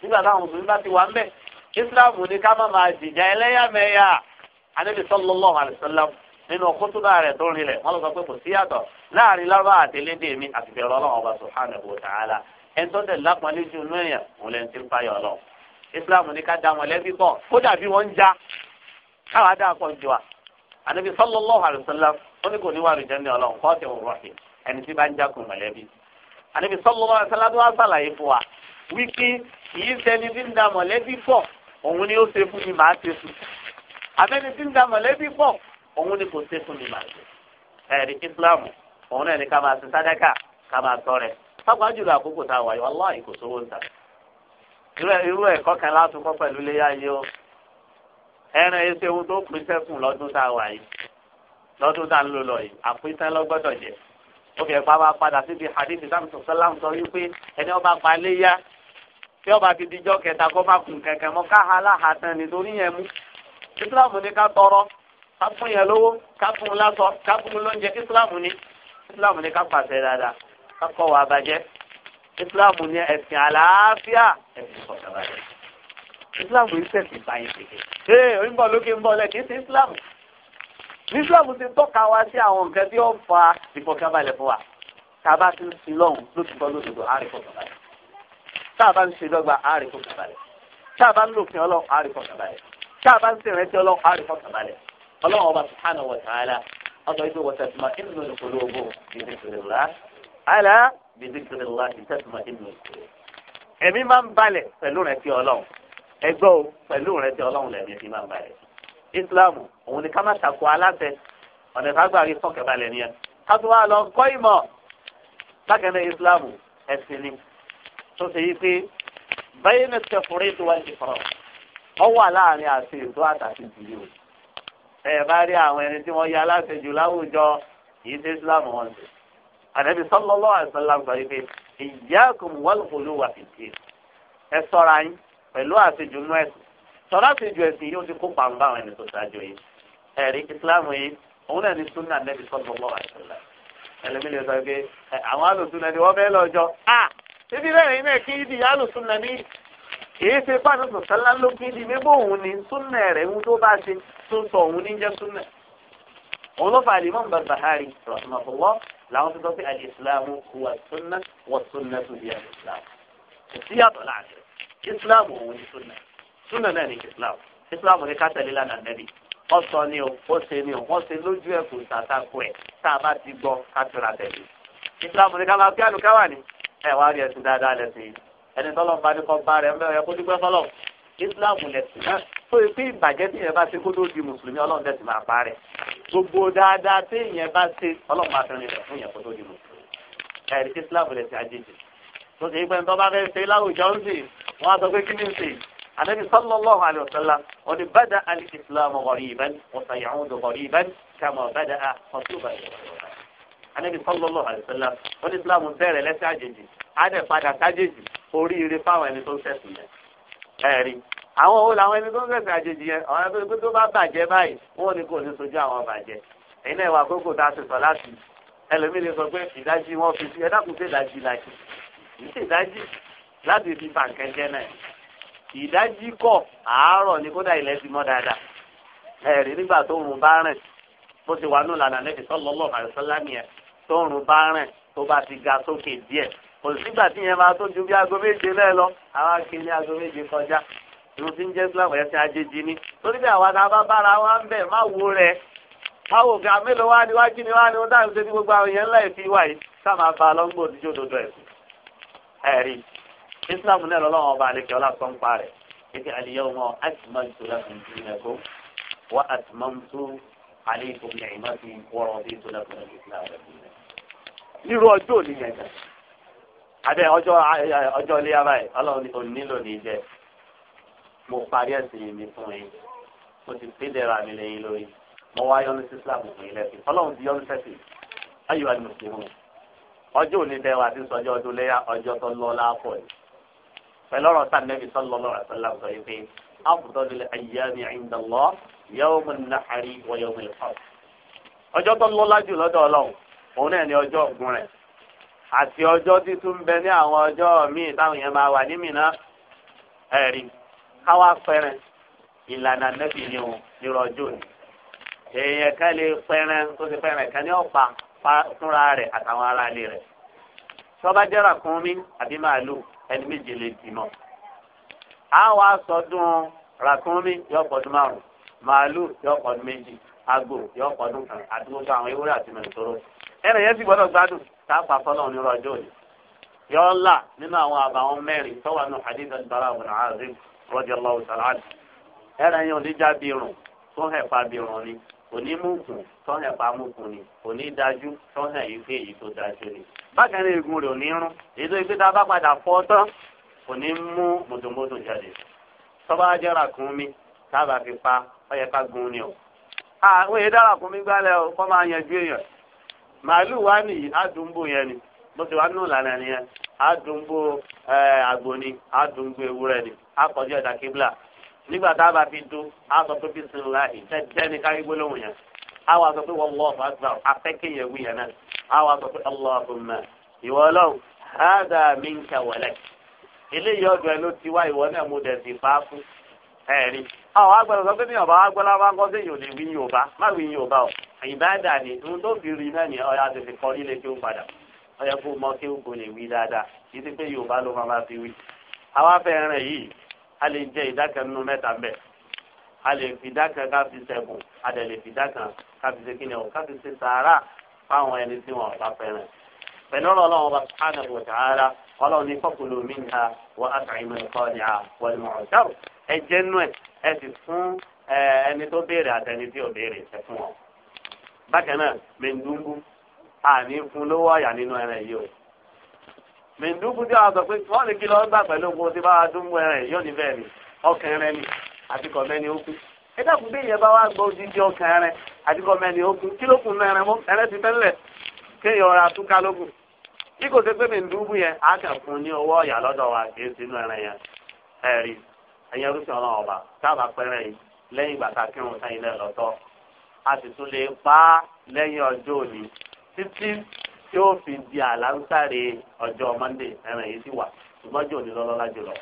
nígbà táwọn mùsùlùmí bá ti wà ń bẹ̀ islam ní ká má máa dìjà ẹlẹ́yàmẹ̀yà anábì sallallahu alaihi wasallam nínú kótóbá rẹ̀ tó rinlẹ̀ wọn lọ sọ pé kò sí yàtọ̀ láàrin lárúbá àtẹlẹ́dẹ̀ mi àti bẹ̀rẹ̀ ọlọ́run ọba subhanahu wa ta'ala ẹ̀ńtọ́tẹ̀ lápọ̀lẹ́jù náà yẹn òun ń fàyọ̀ ọlọ́run. islam ní ká da mọ̀lẹ́bí pọ̀ kódà bí wọ́n ń já káwá dáa pọ̀ jù wa ànábi sallallahu alaihi wasallam ó ní kò ní wà ẹni tí bá ń anabi sallallahu wá sàlàyé fún wa ń da òun ni ó ṣe fún mi màá ṣe fún abẹ́ni tí ń da ni kò ṣe fún mi màá ṣe islam òun náà ni ká máa ṣe ká máa tọrẹ irú ẹ̀kọ́ kan láti kọ́ pẹ̀lú léyà yìí o ẹran ẹsẹ̀ ohun tó pín sẹ́kùn lọ́dún tá a wà yìí lọ́dún tá a ń lò lọ yìí àpínsẹ́ lọ́gbọ́dọ̀ jẹ́ ó fi ẹ̀pá wa padà síbi hadith sàmùsùn sọ́lá sọ wípé ẹni ọba pa léyà tí ọba ti dijọ́ kẹta kó má kùn kẹ̀kẹ́ mọ́ káha aláha tán nítorí yẹn mú islam ní ká tọrọ ká fún yẹn lówó ká fún un lásọ ká fún un lóúnjẹ islam ní islam ní ká pàṣẹ dáadáa ká kọ́ wa bàjẹ́ islam ní ẹ̀sìn àlàáfíà ẹ̀sìn sọ̀tàbà rẹ̀ islam yìí sẹ̀sìn báyìí pèké ee onígbà lókè ń bọ̀ lẹ́kì sí islam ní islam ti tọ́ka wa sí àwọn nǹkan tí ó ń fa ìfọ̀kànbalẹ̀ fún wa tá a bá ti ń sin lọ́hùn lóṣùbọ́ lóṣùbọ́ á rí fọ̀kànbalẹ̀ tá a bá ń ṣe dọ́gba á rí fọ̀kànbalẹ̀ tá a bá ń lòfin ọlọ́run á rí fọ̀kànbalẹ̀ tá a bá ń ṣèrántí ọlọ́run á fọ̀kànbalẹ̀ ọlọ́run ọba bíbíkiri ńlá ìtẹ́tùmọ̀ ìlú. ẹ̀mí máa ń balẹ̀ pẹ̀lú rẹ̀ ti ọlọ́run ẹgbẹ́ o pẹ̀lú rẹ̀ ti ọlọ́run lẹ̀mí fi máa ń balẹ̀. ìsìláàmù òun ni ká má ṣàkó aláṣẹ ọ̀nà ìfagbà rí sọ̀kẹ́ balẹ̀ nìyẹn. ká tún wá lọ kọ́ ìmọ̀ lákẹ́lẹ́ ìsìláàmù ẹ̀sìn ni tó ṣe yí pé báyìí ní sẹ́fúrí tó wá ti fọ̀rọ̀ ọ wà láàrin àti ètò àtàkì ìdílé o. ẹ bá rí àwọn ẹni tí wọ́n ya aláṣẹ jù láwùjọ yìí ṣe ìsìláàmù wọn ṣe àdàbí sallallahu alaihi wasallam sọ yìí pé iyyakum wal ghuluw fi ddin ẹ ṣọ́ra yín pẹ̀lú àṣejù nú ẹ̀sìn sọ̀rọ̀ àṣejù ẹ̀sìn yóò ti kó pàǹbà àwọn ẹni tó ṣáájú yìí ẹ̀rí ìsìláàmù yìí òun náà ní súnà àdàbí sallallahu alaihi wasallam ẹlẹ́mi lè sọ pé àwọn alùsùn náà ni wọ́n fẹ́ lọ́jọ́ à ibi bẹ́ẹ̀ yìí náà kí ibi alùsùn náà ní èyí ṣe pàṣẹ sọ̀tàlá ló kí ibi òun ni súnà rẹ̀ ń tó bá ṣe tó sọ òun ní jẹ́ súnà òun ló fa alimọ́n رحمه الله làwọn tó tọ́sí alìsílámù huwa sunna wa sunna tó di alìsílámù ìsíyàtọ̀ láàrin ìsílámù òun إسلام sunna sunna náà ni ìsílámù ìsílámù ni ká tẹ̀lé lánàá nẹ́bí wọ́n sọ ni o wọ́n ṣe ni o wọ́n ṣe lójú ẹ̀ kò sàtàkù ẹ̀ tá a bá ti gbọ́ ká tura tẹ̀lé ìsìlámù ni ká máa fi àlùkà wà ní ẹ̀ wá rí ẹ̀sìn dáadáa lẹ́sìn yìí ẹni tọ́lọ́ ń bá ní kọ́ bá rẹ̀ ń bẹ́ ẹ̀ kó dúpẹ́ fọlọ́ ìsìlámù lẹ́sìn náà tó ìpín ìbàjẹ́ tí ẹ bá ṣe kó tó di mùsùlùmí ọlọ́run tẹ̀sí máa pa rẹ̀ gbogbo dáadáa tí ìyẹn bá ṣe ọlọ́run máa fẹ́ràn rẹ̀ fún ìyẹn kó tó dìbò ẹ̀rí tí islam rẹ̀ ti àjèjì tó ṣe pé nítorí bá fẹ́ ṣe láwùjọ ń sè wọ́n á sọ pé kí ni ń sè anabi sallallahu alayhi wa sallam ó ní bada ali islam ghariban wa sayaudu ghariban kama bada a ọtúbà anabi sallallahu alayhi wa sallam ó ní islam bẹ̀rẹ̀ lẹ́sẹ̀ àjèjì á padà sájèjì oríire fáwọn ẹni tó ń ṣẹ̀sìn yẹn ẹ̀rí àwọn wo làwọn ẹni tó ń fẹsẹ̀ àjèjì yẹn àwọn ẹni tó bá bàjẹ́ báyìí wọn ni kò ní sojú àwọn bàjẹ́ ẹ̀yin náà wà kókò tá a ti sọ láti ẹlòmíì lè sọ pé ìdájí wọn fi sí ẹ̀dá kò sí ìdájí láti ìṣe ìdájí láti fi bàǹkẹ́ jẹ́ náà ìdájí kọ̀ àárọ̀ ni kódà ilẹ̀ ti mọ́ dáadáa ẹ̀rí nígbà tó rùn bá rìn bó ti wà nù lànà lẹ́bi sallallahu alaihi wasallam tó rùn bá rìn tó bá ti ga sókè díẹ̀ kò sígbà tí yẹn máa tó ju bí aago méje lẹ́ẹ̀ lọ àwọn akéwì aago méje kọjá irun tí ń jẹ́ islam ẹ̀sìn àjèjì ni torí bí àwa náà ma bára wa ń bẹ̀ má wo rẹ̀ mélòó wá níwájú ni wá ní wọn dáhùn sí gbogbo àwọn èèyàn ńlá ìfi wà yìí ba lọ́gbọ̀n òdíjọ́ òdodo ẹ̀sìn i islam náà lọ́lọ́wọ́n ọba àlekè ọlá kan pa rẹ̀ ètò àlìyẹ́wò mọ́ àtìmọ́jú lẹ́kùn ìdílẹ̀kọ́ wà àtìmọ́jú àlékún tó mo parí ẹ̀sìn mi fún yín mo ti fi dẹ́ra mi lẹ́yìn lórí mo wá yọ́nú sí islam fún yín lẹ́sìn ọlọ́run ti yọ́nú sẹ́sìn ayọ̀ àti mùsùlùmí ọjọ́ òní bẹ́ẹ̀ wá sí sọjọ́ ọdún lẹ́yà ọjọ́ tó lọ láàpọ̀ yìí pẹ̀lú ọ̀rọ̀ sáà nẹ́bí sallallahu alaihi wasallam sọ yìí pé afdalul ayyami inda Allah yawmun nahri wa yawmul fath ọjọ́ tó lọ́lá jù lọ́dọ̀ ọlọ́run òun náà ni ọjọ́ ògùn rẹ̀ àti ọjọ́ títún bẹ ní àwọn ọjọ́ míì táwọn yẹn máa wà ní mìíràn ẹ̀rí káwá pẹrẹ ìlànà nẹ́bí ni o nírọ̀ ọjọ́ ni èèyàn kan lè pẹrẹ tó ti pẹrẹ kan ní ọ̀pá fúnra rẹ̀ àtàwọn ará ilé rẹ̀ sọba jẹ́ra kún mi àbí màálù ẹni méje lè dì mọ́ àwọn asọdún ràkúnmí yọ pọdún márùn màálù yọ pọdún méjì agbo yọ pọdún kan àti gbogbo àwọn ewúrẹ́ àti mẹsòrò ẹnì yẹn sì gbọ́dọ̀ gbádùn táàpà fọlọ́run nírọ̀ ọjọ́ ni yọ ọ́ là nínú àwọn àbàwọn mẹ́rin tọ́wọ́ nù hadith al-Bara' ibn rọ́jà lọ́wọ́ sàlàdì ẹ̀rọ yẹn oníjà bí irun tó hẹ̀ pa bí irun ni onímùkùn tó hẹ̀ pa mùkùn ni onídájú tó hẹ̀ yìí pé èyí tó dájú ni. bákan náà egun rẹ̀ ò ní rún èyí tó yẹ pé tá a bá padà fọ́ tán kò mú mòtòmótò jáde tọ́ba jẹ́ra kún mi táàbà fi pa ọyẹ ká gun ni o. àwọn èyí dára kún mi gbálẹ̀ o kọ́ máa yanjú èèyàn màálù wa nìyí á dùn bò yẹn ni mo ti wá nù lànà nìyẹn àdùngbò eh, àgbòní àdùngbò ewúrẹ́ ni àkọjú ẹ̀dá kíbla nígbà tá a bá fi dún a sọ pé bísí ńlá ìtẹ́tẹ́ ní kárí gbólóhùn yẹn a wà sọ pé wallahu akbar afẹ́kẹ́yẹ̀ wí yẹn náà a wà sọ pé allahumma ìwọ ọlọ́run hádà minka wa lak eléyìí ọdún ẹ ló ti wá ìwọ náà mo fà á fún àwọn sọ pé sí yòlè wí má ọyẹ kó mọ kí o kò lè wí dáadáa kì í ti pé yorùbá ló máa ma fi wí. àwa fẹ́ràn yìí a lè jẹ ìdákan nínú mẹ́ta bẹ̀ a lè fi ìdákan ká fi sẹ́kùn a dẹ̀ lè fi ìdákan ká fi sekínì ọ̀ ká fi ṣe sàárà fáwọn ẹni tí wọn bá fẹ́ràn. pẹ̀lú ọlọ́run ọba subhanahu wa ta'ala ọlọ́run ní fakulu minha wa at'imu al-qani'a wal-mu'tar ẹ jẹ́ nú ẹ̀ ẹ sì fún ẹni tó béèrè àtẹni tí ò béèrè ṣẹ fún ọ. bákan náà mẹ́ndúngbù àní fún lówó ọ̀yà nínú ẹran o mìndúkú tí a sọ pé wọ́n lè kí lọ gbà pẹ̀lú ogun tí bá a dún mú ẹran ni ọkàn rẹ ni àti kọ̀ọ̀mẹ́ ni ó kú ẹ dàkún bí ìyẹn bá atikọ gbọ́ jíjí ọkàn rẹ ni ó kú kí ló ti tẹ́lẹ̀ lókun bí kò pé yẹn kàn fún ní ọ̀yà títí tí ó fi di àlàńsáré ọjọ́ mọ́ndé ẹ̀rìn yìí sì wà ṣùgbọ́n jò ní lọ́lọ́lá jùlọ.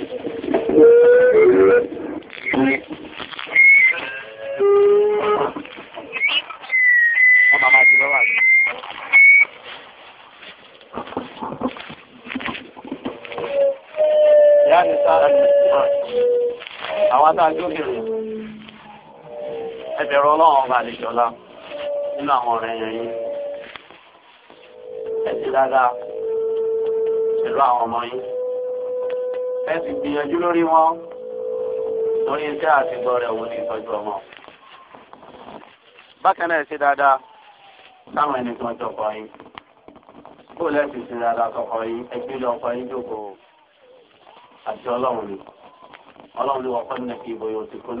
Thank you. ọba àlejòlá nínú àwọn ọ̀rẹ́ yẹn yín ẹ ti dáadáa pẹ̀lú àwọn ọmọ yín ẹ sì gbìyànjú lórí wọn torí iṣẹ́ àtìgbọ́ rẹ̀ wò ní ìtọ́jú ọmọ. bákan náà ẹ ṣe dáadáa táwọn ẹni kan jọkọ yín kó lẹ́sìn ṣe dáadáa tọkọ yín ẹgbẹ́ lọ́kọ yín jókòó àti ọlọ́run ni ọlọ́run ni wọ́n kọ́ nínú kí ìbòyè òsì kún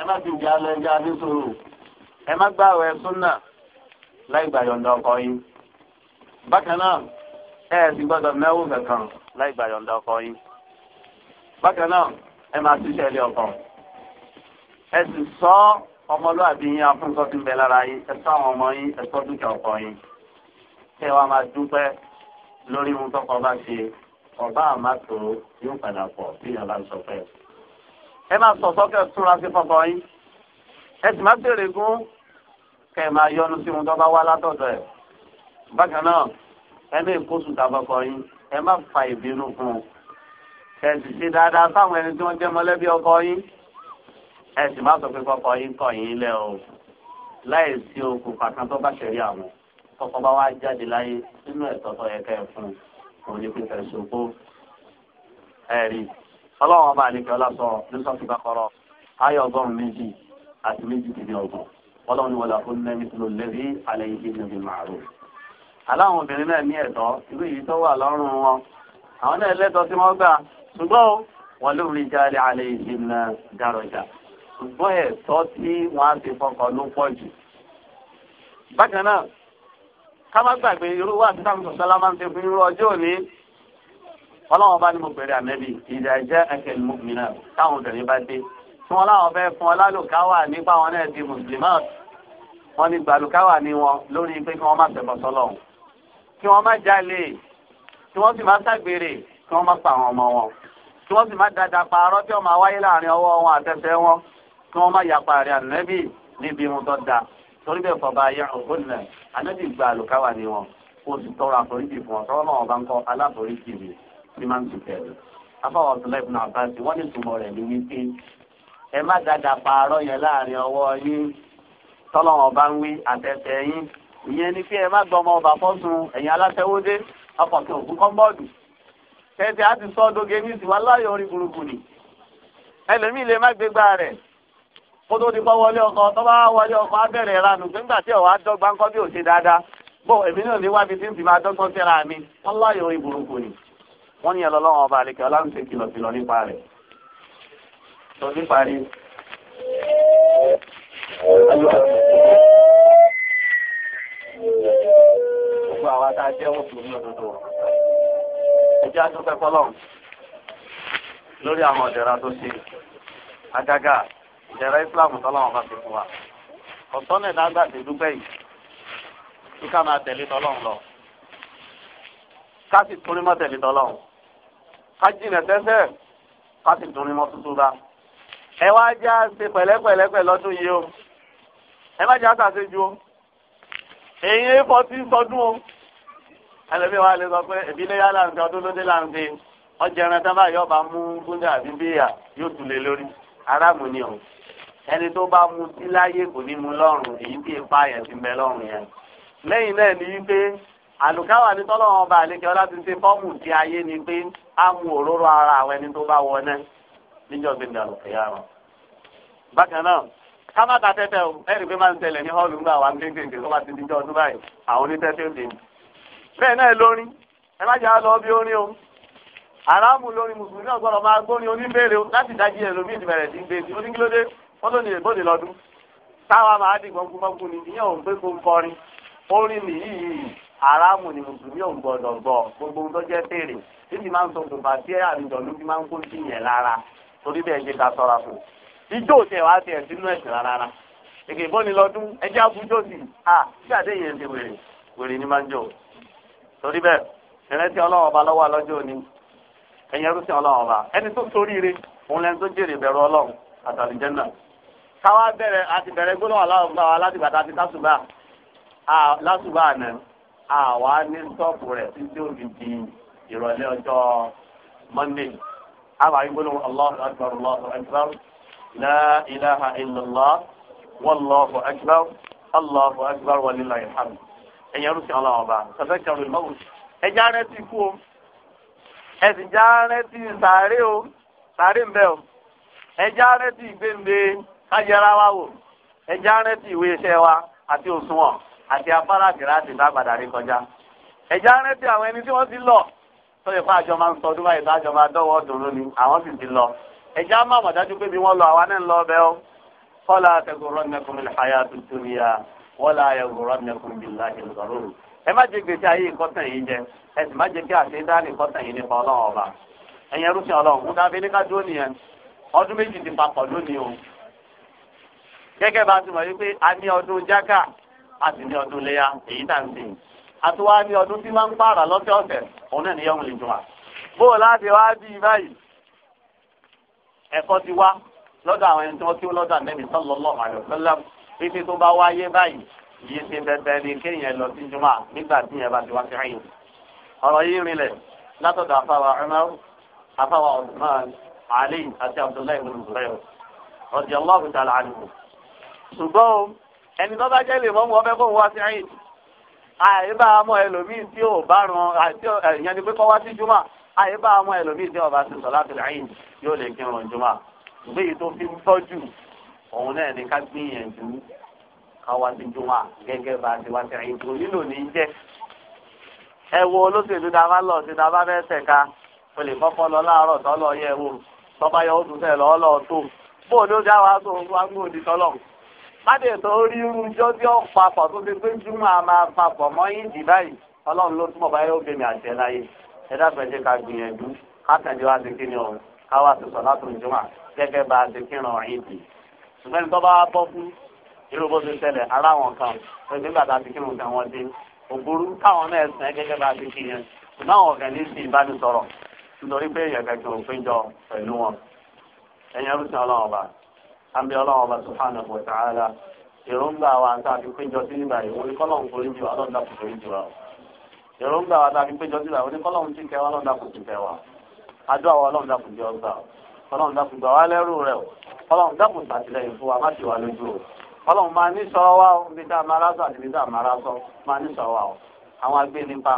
ẹ má fi ìjà lọ ẹja ní sòrò ẹ má gbà wẹ̀ súnà láì gbà yọ̀ǹda ọkọ yín bákan náà ẹ sì gbọ́dọ̀ mẹ́wù kankan láì gbà yọ̀ǹda ọkọ yín bákan náà ẹ máa ṣiṣẹ́ ilé ọkọ ẹ sì sọ ọmọlúwàbí yín afúnṣọ́ tí ń bẹ lára yín ẹ sọ àwọn ọmọ yín ẹ sọ dúkìá ọkọ yín kí ẹ wá máa dúpẹ́ lórí ohun tọkọ bá ṣe ọba àmàtò yóò padà pọ̀ bí ìyàrá ń sọ fẹ́ẹ́ ẹ máa sọ sọ́kẹ́ túnra sí fọkọ yín ẹ sì má béèrè gún kẹ́ ẹ máa yọnu sí wọn tó bá wá látọ̀dọ̀ ẹ̀ bákan náà ẹ ní ìkóṣù tàbọ̀kọ yín ẹ má fa ìbínú fún un ẹ sì ṣe dáadáa fáwọn ẹni tí wọ́n jẹ́ mọ́lẹ́bí ọkọ yín ẹ sì má sọ pé fọkọ yín kọ̀ yín lẹ́ o láì sí okùnfà kan tó bá ṣẹ̀rí àwọn tọkọ bá wá jáde láyé nínú ẹ̀tọ́ tó yẹ kẹ́ fún un òun ni pípẹ́ ṣòkó ẹ̀rí ọlọ́run ọba àlejò ọlásọ lọ́sọ̀tún bá kọ́rọ̀ ayọ̀ ọgọ́rùn-ún méjì àti méjì kìíní ọgbọ̀n ọlọ́run wọlé àkóńdé mítúlò lẹ́rí alẹ́ yìí kìíní bí màálù. aláwọn obìnrin náà ní ẹ̀tọ́ irú èyí tó wà lọ́rùn wọn àwọn náà lẹ́tọ́ tí wọ́n gbà ṣùgbọ́n wọn ló rí jáde alẹ́ yìí kìíní dárọjà ṣùgbọ́n ẹ̀tọ́ tí wọ́n á ti fọkọ̀ ló pọ̀ jù. bákan náà ká má gbàgbé irú wà ọlọ́run bá ní mo bẹ̀rẹ̀ àmẹ́bí ìdájẹ́ ẹ̀kẹ́ mọ́mìnà táwọn obìnrin bá dé tí wọ́n láwọn fẹ́ fún ọ lálùkáwà nípa wọn náà di mùsùlùmáà wọn ní gbàlùkáwà ní wọn lórí pé kí wọ́n má ṣẹbọ sọ́lọ́run kí wọ́n má jalè kí wọ́n sì má ṣàgbèrè kí wọ́n má pa àwọn ọmọ wọn kí wọ́n sì má dada pa arọ́ tí ó máa wáyé láàrin ọwọ́ wọn àtẹsẹ̀ wọn kí wọ́n má yapa rẹ̀ ànẹ́bì níbi ohun tó da torí bẹ́ẹ̀ fọba ayé ògbónilẹ ànẹ́bì gbàlùkáwà ní wọn kó o sì tọrọ àforíjì fún ọ ní máa ń tù kẹrẹ afọwọ́ ọ̀tún lẹ́kùn náà bá ti wọ́n ní ìtumọ̀ rẹ̀ ní wípé ẹ má dada pààrọ̀ yẹn láàrin ọwọ́ yín tọ́lọ́wọ́n bá ń wí àtẹ̀tẹ̀ yín ìyẹn ni pé ẹ má gbọ́ ọmọ ọba fọ́sùn ẹ̀yìn alátẹ́wọ́dé ọkọ̀kẹ́ òkú kọ́ńbọ́ọ̀dù tẹ́tẹ́ á ti sọ dóge ní ìsìnwá láyọ̀ orí burúkú ni ẹlòmíì lè má gbégbá rẹ̀ kó tó ti kọ́ wọlé ọkọ tó bá wọlé ọkọ á bẹ̀rẹ̀ ìranù pé nígbà tí ọ̀wá dọ́gba ńkọ́ bí ò ṣe dáadáa bó èmi náà ní wábi tí ń fi máa dọ́gbọ́n fẹ́ra mi wọ́n láyọ̀ orí burúkú ni wọ́n ní ọlọ́wọ́n ọba àlekẹ́ ọlọ́run kìlọ̀kìlọ̀ nípa rẹ̀ sọ nípa rí gbogbo àwa tá a jẹ́ mùsùlùmí òdodo ẹjẹ́ àtúntẹ̀ fọlọ́run lórí àwọn ọ̀dẹ̀ra tó ṣe àgàgà ìdẹ̀ra Islam tọ́lọ́wọ́n bá fi fún wa ọ̀sán náà dágbà tẹ̀ dúpẹ́ yìí kí ká máa tẹ̀lé tọ́lọ́run lọ ká sì torí mọ́ tẹ̀lé tọ́lọ́run kájìnà tẹ́sẹ̀ ká sì dùn ní mọ́ tuntun bá. ẹ wá já ṣe pẹ̀lẹ́pẹ̀lẹ́ pẹ̀ lọ́dún yìí o ẹ má já sàṣe ju o èyí ẹ fọtí sọdún o ẹlẹ́mi wa lè sọ pé ìbílẹ̀ yá là ń ṣe ọdún lóde là ń ṣe ọjà ẹran tán báyọ̀ bá mú gúndà àbí bíyà yóò tún lé lórí aráàmù ni o ẹni tó bá mu sí láyé kò ní mu lọ́rùn èyí tí ipa yẹn ti mẹ lọ́rùn yẹn lẹ́yìn náà ni wípé àlùkáwà ní tọ́lọ́wọ́n ọba àlekẹ́ ọlá ti ṣe fọ́ọ̀mù di ayé ni pé á mu òróró ara àwọn ẹni tó bá wọ náà níjọ́ gbé ìdàlù kìyà wọn. bákan náà ká má ta tẹ́tẹ́ o ẹ̀rì pé máa ń tẹ̀lẹ̀ ní họ́ọ̀lù ńgbà wa ń kéékèèké tó bá ti díjọ́ ọdún báyìí àwọn onítẹ́tẹ́ ń dèmi. bẹ́ẹ̀ náà lórin ẹ má jà lọ bí orin o aráàmù lórin mùsùlùmí náà ni aráàmù ni mùsùlùmí ò ń gbọdọ̀ gbọ́ gbogbo tó jẹ́ fèrè títí máa ń sọ gbogbo àti àmìjọ̀lú bí máa ń kó sí yẹn lára torí bẹ́ẹ̀ ṣe ká sọ́ra fún un ijó tẹ̀ wá tẹ̀ sínú ẹ̀sìn rárá èké ìbọ́ni lọ́dún ẹjẹ́ àbújó sì à sí àdéhìyẹn ti wèrè wèrè ni máa ń jò torí bẹ́ẹ̀ ìrẹsì ọlọ́run ọba lọ́wọ́ lọ́jọ́ òní ẹ̀yin ẹrú sí ọlọ́run ọba ẹni tó soríire òun lẹni tó jèrè bẹ̀rù ọlọ́run àtàlùjẹ́ náà káwá bẹ̀rẹ̀ àti bẹ̀rẹ̀ gbólóhùn aláwọ̀ gbà láti gbàtà àti lásùbà àná àwa ní sọ́ọ̀pù rẹ̀ títí òbí di ìrọ̀lẹ́ ọjọ́ monday àwa ìgbóná allahu akbar allahu akbar la ilaha illallah wallahu akbar allahu akbar wa lillahi alhamd ẹ̀yẹ́ rúṣin ọlọ́wọ́ bá sọ́fẹ́ kẹrù ìmọ̀wù ẹ̀já rẹ̀ ti kú ẹ̀sìn já rẹ̀ ti sàárè o sàárè ń bẹ̀ àti afárá kìláàsì bá padà rí kọjá ẹ̀já rántí àwọn ẹni tí wọ́n ti lọ tó lè fún àjọ máa ń sọ ọdún báyìí lájọ máa dọ́wọ́ ọdún lónìí àwọn sì ti lọ ẹ̀já má mọ̀ dájú pé bí wọ́n lọ àwa náà ń lọ ọbẹ̀ ọ́ kọ́lá tẹ̀gùrọ̀ nẹkùn mi láyà tuntun ni ya wọ́lá ayẹ̀gùrọ̀ nẹkùn mi láyà lọ́rọ̀ ẹ má jẹ gbèsè ayé ìkọ́tàn yìí jẹ ẹ sì má jẹ kí àṣeydáàlì ìkọ́tàn yìí nípa ọlọ́run ọba ẹ̀yin ẹrúsìn ọlọ́run a sì ní ọdún léyà èyí tá à ń sè é àtiwá ní ọdún tí máa ń pààrà lọ́sẹ̀ọ̀sẹ̀ òun náà níyàwó lè jùmọ̀ bó o láti wá bí i báyìí ẹ̀kọ́ ti wá lọ́dọ̀ àwọn ẹni tí wọ́n kí ó lọ́dọ̀ ànẹ́bí sallallahu alaihi wasallam fífi tó bá wáyé báyìí yìí ṣe bẹ̀bẹ̀ ni kéèyàn lọ sí jùmọ̀ nígbà tí yẹn bá ti wá sí ẹ̀yìn ọ̀rọ̀ yìí rinlẹ̀ látọ̀dọ̀ afáwa Umar ẹni tó bá jẹ́ lè mọ́ mu ọbẹ̀ kó wá sí ẹ̀yìn àyíbá ọmọ ẹlòmíì tí ò bá run ìyẹn ni pé kọ́ wá sí júmọ́ àyíbá ọmọ ẹlòmíì tí ọba sí sọlá tó lẹ́yìn yóò lè kí run júmọ́ ìgbé yìí tó fi ń tọ́jú òun náà ni ká gbìyànjú ká wá sí júmọ́ gẹ́gẹ́ bá ti wá sí ẹ̀yìn tó nílò ní jẹ́ ẹ wo olóṣèlú tá a bá lọ sí tá a bá fẹ́ ṣẹ̀ka o lè kọ́kọ́ lọ láàárọ̀ tọ́lọ́ yẹ wo tọ́ba yọ ó tún fẹ́ lọ́ọ́ lọ́ọ́ tó bóòlù ó wa tó wá gbóòdì tọ́lọ́ọ̀ mádìí tó rí irú jọ́jọ́ papọ̀ tó ti pé júmọ̀ a máa papọ̀ mọ́ yíǹdì báyìí ọlọ́run ló túmọ̀ báyìí ó bèmí àṣẹ láyé ẹ dábàá jẹ́ ká gbìyànjú kákàndé wa ti kíni ọ̀hún káwá ti sọ̀ látò jùmọ̀ gẹ́gẹ́ bá a ti kírun ìdì ṣùgbọ́n tó bá bọ́ fún irú bó ti ṣẹlẹ̀ ara wọn kan pẹ̀lú nígbà tá a kírun kan wọn dé òbúrú káwọn náà àmì ọlọ́run ọba subhanahu wa ta'ala èròǹgbà wa tá a fi péjọ sí nígbà yìí oníkọ́lọ́hún jù wá lọ́dún dàpọ̀ forí jù wá èròǹgbà wa tá péjọ sí nígbà oníkọ́lọ́hún kẹwàá lọ́dún dàpọ̀ ti kẹwàá adúlá wa ọlọ́run dàpọ̀ jẹ ọgbà ọlọ́run dàpọ̀ gbà wá lẹ́rù rẹ o ọlọ́run dàpọ̀ sàtìlẹ́yìn fún wa má ti wà lójú o ọlọ́run máa ní sọ wa o níbi tá a àti níbi tá a máa ní sọ wa o àwọn agbénipa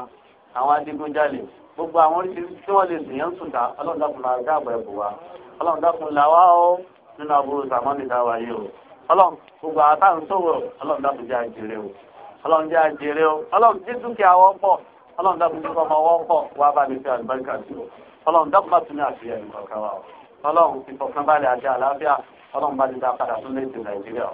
àwọn adigunjalè gbogbo àwọn oríṣiríṣi tí wọ́n lè sìn yẹn ń sùn ta ọlọ́run dàpọ̀ máa dáàbò ẹ̀bùn wa ọlọ́run dàpọ̀ làwa o nínú aburú sàmọ́nì dáwà yìí o ọlọ́run gbogbo àtà ń sọ̀rọ̀ ọlọ́run dábò jẹ́ àjèrè o ọlọ́run jẹ́ àjèrè o ọlọ́run jí dúkìá wọ́n pọ̀ ọlọ́run dábò jí ọmọ wọ́n pọ̀ wá bá mi fi àlùbáríkà sí o ọlọ́run dábò má tún ní àṣeyẹ nìkan wa o ọlọ́run ìfọ̀kànbalẹ̀ àti àlàáfíà ọlọ́run bá ti dá padà tún lè dè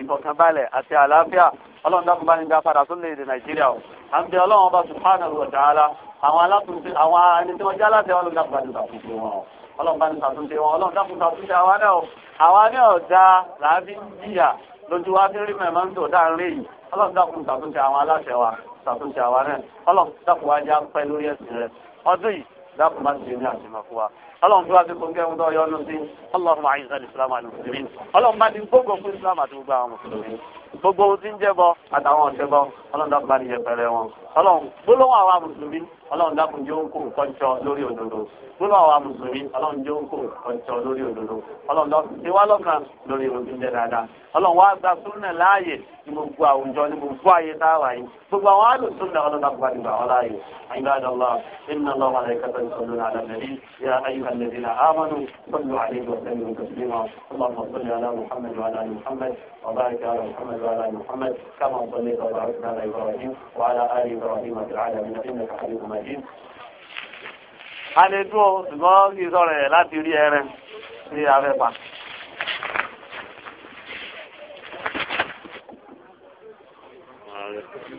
ìfọ̀kànbalẹ̀ àti àlàáfíà ọlọ́run dábò padà tún lè dè nàìjíríà o à ọlọ́run ọba subhanahu wa ta'ala àwọn alátúnṣe àwọn ẹni tí wọ́n jẹ́ aláṣẹ wọn ló dákun bá ti ṣàtúnṣe wọn o ọlọ́run bá ti ṣàtúnṣe wọn ọlọ́run dákun ṣàtúnṣe àwa náà o àwa ní ọ̀dà làbí jìyà lójú wa fi rí mẹ́mọ́ ń tò dáńrẹ́ yìí ọlọ́run dákun ṣàtúnṣe àwọn aláṣẹ wa ṣàtúnṣe àwa náà ọlọ́run dákun wájú apẹ́ lórí ẹ̀sìn rẹ ọdún yìí dákun bá ti ṣe ní àṣemọ̀fúwa ọlọ́run tó wá sí fún kẹ́hún tó yọ ọ́nú sí ọlọ́run àyíṣà ìsìlámù àti mùsùlùmí ọlọ́run bá ti fún ìsìlámù àti gbogbo àwọn mùsùlùmí gbogbo ohun tí ń jẹ́ bọ àtàwọn ọ̀sẹ̀ bọ ọlọ́run dákun bá ní yẹpẹrẹ wọn ọlọ́run gbólóhùn àwa mùsùlùmí ọlọ́run dákun jẹ́ òǹkó kọ́ńtsọ lórí òdodo gbólóhùn àwa mùsùlùmí ọlọ́run jẹ́ òǹkó kọ́ńtsọ lórí òdodo ọlọ́run dákun ṣe wá lọ́kàn lórí òbí dáadáa ọlọ́run wá gba súnà láàyè ní gbogbo àwùjọ ní gbogbo àyè tá a wà yìí gbogbo àwọn àlò súnà ọlọ́run dákun bá ní gbà wọn láàyè ayélujára inna allah wa ya ayyuha alladhina amanu sallu وبارك على محمد كما صليت وباركت على إبراهيم وعلى آل إبراهيم في العالمين إنك حميد مجيد a lè dúró ṣùgbọ́n kì í sọ̀rọ̀ ẹ̀ láti rí ẹran sí afẹ́fà.